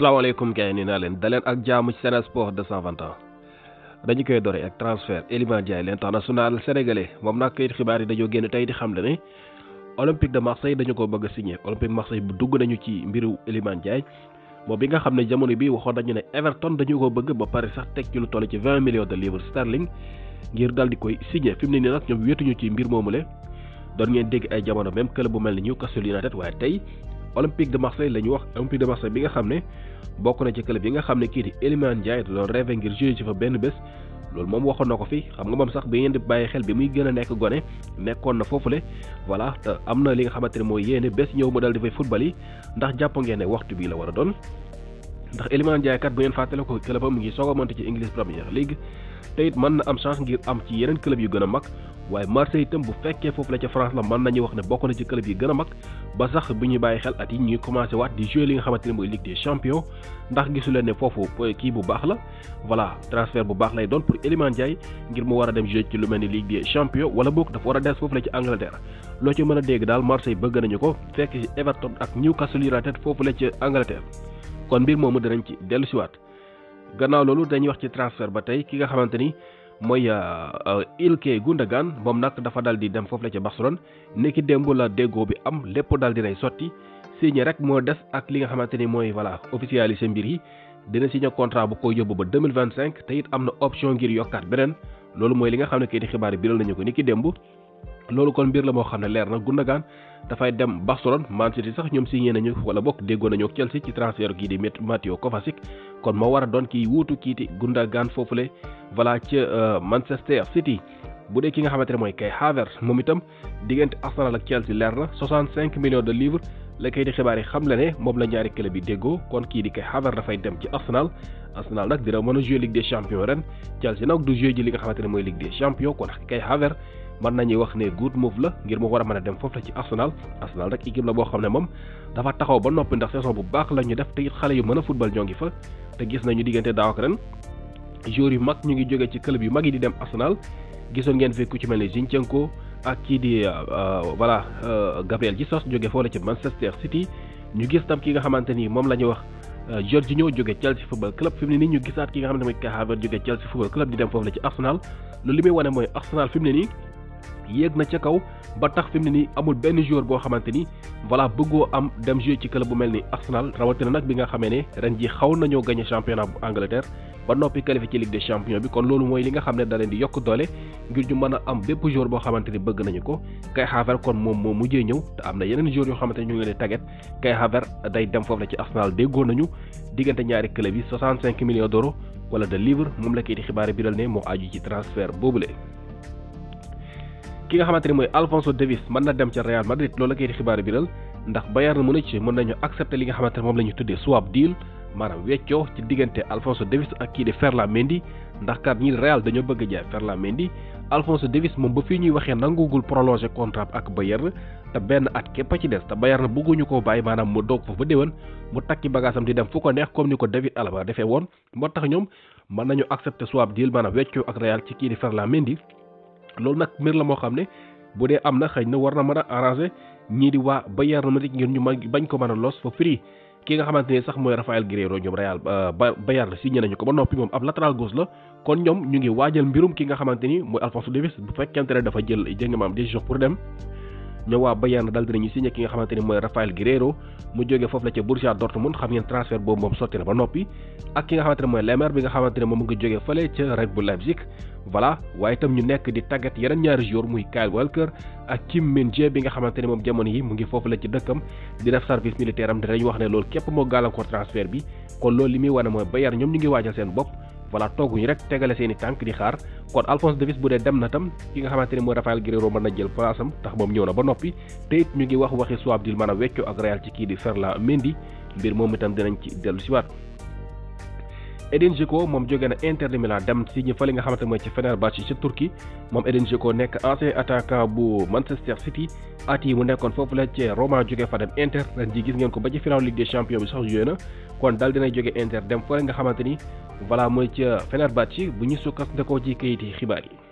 salaamaaleykum gars yi nii naa leen daleen ak jaamu ci Sen Sport 221 dañu koy dore ak transfert Iliman Ndiaye l'international sénégalais moom nag kayit xibaar yi dañoo génn tey di xam le ne Olympique de Marseille dañu ko bëgg a signé Olympique Marseille bu dugg nañu ci mbiru Iliman Ndiaye moom bi nga xam ne jamono bi waxoon nañu ne Everton dañu ko bëgg ba pare sax teg ci lu toll ci 20 millions de livres sterling ngir dal di koy signé fi mu ne nii nag ñoom wéetuñu ci mbir moomule ay jamono même club bu mel ni Newcastle United waaye tey Olympique de Marseille la ñu wax Olympique de Marseille bi nga xam ne bokk na ci club yi nga xam ne kii di Iliman Ndiaye doon rêvé ngir joué ci fa benn bés loolu moom waxoon na ko fi xam nga moom sax bi ngeen di bàyyi xel bi muy gën a nekk gone nekkoon na foofule wala te am na li nga xamante ne mooy yéene bés ñëw ma dal di fay football yi ndax jàpp ngeen ne waxtu bii la war a doon ndax Iliman Ndiaye kat bu ngeen fàttale ko club am ngi soog a monté ci English Premier te it mën na am chance ngir am ci yeneen club yu gën a mag waaye Marseille itam bu fekkee foofu la ca France la mën nañu wax ne bokk na ci club yi gën a mag ba sax bu ñuy bàyyi xel at yi ñuy commencé waat di jouer li nga xamante ne mooy Ligue des champions ndax gisu leen ne foofu bu baax la voilà transfert bu baax lay doon pour ngir mu war a dem jouer ci lu mel ni Ligue des champions wala boog dafa war a des foofu la ci Angleterre loo ci mën a dégg daal Marseille bëgg nañu ko fekk ci Everton ak Newcastle United foofu la ci Angleterre kon mbir moomu danañ ci dellu siwaat gannaaw loolu dañuy wax ci transfert ba tey ki nga xamante ni mooy euh, euh, Ilkay Gundogan moom nag dafa dal di dem foofu la ca Barcelone ki démb la déggoo bi am lépp dal di nay sotti signé rek moo des ak li nga xamante ni mooy voilà officialisé mbir yi dina signé contrat bu ko yóbbu ba deux cinq te it am na option ngir yokkaat beneen loolu mooy li nga xam ne kayiti xibaar yi biral nañu ko ki démb. lolu kon bir la mo xamne leer na da fay dem Barcelone Man City sax ñom signé nañu wala bok déggo nañu ak Chelsea ci transfert gi di Matteo Kovacic kon mo wara don ki kii ki ti gundagan Gundogan foofule voilà euh, Manchester City bu ki nga xamante moy kay havers momitam moom Arsenal ak Chelsea leer na 65 millions de livres la kay di xibaari xam la ne mom la ñaari club bi déggo kon ki di havers da fay dem ci Arsenal Arsenal nak dira mëna jouer Ligue des Champions ren Chelsea nak du jouer ji li nga xamante moy Ligue des Champions kon kay havers mën nañuy wax ne good move la ngir mu war a mën a dem foofu la ci Arsenal Arsenal rek équipe la boo xam ne moom dafa taxaw ba noppi ndax saison bu baax la ñu def te it xale yu mën a football ñoo ngi fa te gis nañu diggante daaw ak ren joueurs yu mag ñu ngi jóge ci club yu mag yi di dem Arsenal gisoon ngeen fi ku ci mel ni Zinchenko ak kii di euh, euh, voilà euh, Gabriel Jesus jóge foofu la ci Manchester City ñu gis tam ki nga xamante ni moom la ñuy wax Jorginho jóge Chelsea football ñu gisaat ki nga xam ne mooy Kai li muy wane mooy Arsenal fi mu ne nii yéeg na ca kaw ba tax fi mu ne nii amul benn joueur boo xamante ni voilà bëggoo am dem jouer ci club bu mel ni Arsenal rawatina nag bi nga xamee ne ren ji xaw nañoo gagné championnat bu Angleterre ba noppi qualifié ci Ligue des champions bi kon loolu mooy li nga xam ne da leen di yokk doole ngir ñu mën a am bépp joueur boo xamante ni bëgg nañu ko Kai Havertz kon moom moo mujjee ñëw te am na yeneen jour yoo xamante ni ñu ngi leen di tàggat Kai day dem foofu la ci nañu diggante ñaari club yi 65 millions d'euros wala de livres moom xibaar biral ne moo aju ci transfert ki nga xamanteni moy Alfonso Davies man na dem ci Real Madrid loolu kay xibaar biral ndax Bayern Munich mën nañu accepter li nga xamanteni mom lañu tuddé swap deal manam wéccio ci digënté Alfonso Davies ak ki di Ferland Mendy ndax kat ñi Real dañu bëgg jaay Ferland Mendy Alfonso Davies mom ba fi ñuy waxé nangugul prolonger contrat ak Bayern ta ben at képp ci dess ta Bayern bëggu ko bay manam mu dog fofu ba mu takki bagasam di dem fu ko neex comme niko David Alaba défé won motax ñom man nañu accepter swap deal manam wéccio ak Real ci ki di Ferland Mendy loolu nag mbir la moo xam ne bu dee am na xëy na war na mën a arranger ñii di waa Bayern Munich ngir ñu bañ ko mën a los fa prix ki nga xamante ne sax mooy Rafael ba ñoom Real euh, Bayern signé ñu ko ba noppi moom ab latéral gauche la kon ñoom ñu ngi waajal mbirum ki nga xamante ni mooy Alphonso Davies bu fekkente ne dafa jël jënga maam décision pour dem ñoom waa Bayern dal dinañu signé ki nga xamanteni mooy Rafael Guerrero mu jóge foofu la ca Borussia Dortmund xam ngeen transfert boobu moom sotti na ba noppi ak ki nga xamanteni ne mooy bi nga xamanteni moom nga jóge fële ca Red Bull Leipzig voilà waaye itam ñu nekk di tàggat yeneen ñaari jour muy Kyle Walker ak Kim Min Jae bi nga xamanteni ne moom jamono yi mu ngi foofu la ci dëkkam di def service militaire am dinañ wax ne loolu képp moo gàllankoor transfert bi kon loolu li muy wane mooy Bayern ñoom ñu ngi waajal seen bopp voilà tooguñu rek tegale seen i tànk di xaar kon Alphonse Davies bu dee dem na tam ki nga xamante ni mooy Rafael Guerreiro mën na jël place am tax moom ñëw na ba noppi te it ñu ngi wax waxi swap deal maanaam weccoo ak Real ci kii di Ferland Mendy mbir moom itam dinañ ci dellu siwaat Edin Dzeko moom jóge na Inter Milan dem si ñu fële nga xamante mooy ci Fenerbahçe ci Turquie moom Edin Dzeko nekk ancien attaquant bu Manchester City at yi mu nekkoon foofu la ci Roma jóge fa dem Inter ren ji gis ngeen ko ba ci final Ligue des Champions bi sax joué na kon daal dinay jóge Inter dem fële nga xamante ni voilà mooy ca Fenerbahçe bu ñu sukkandikoo ci kayiti xibaar yi.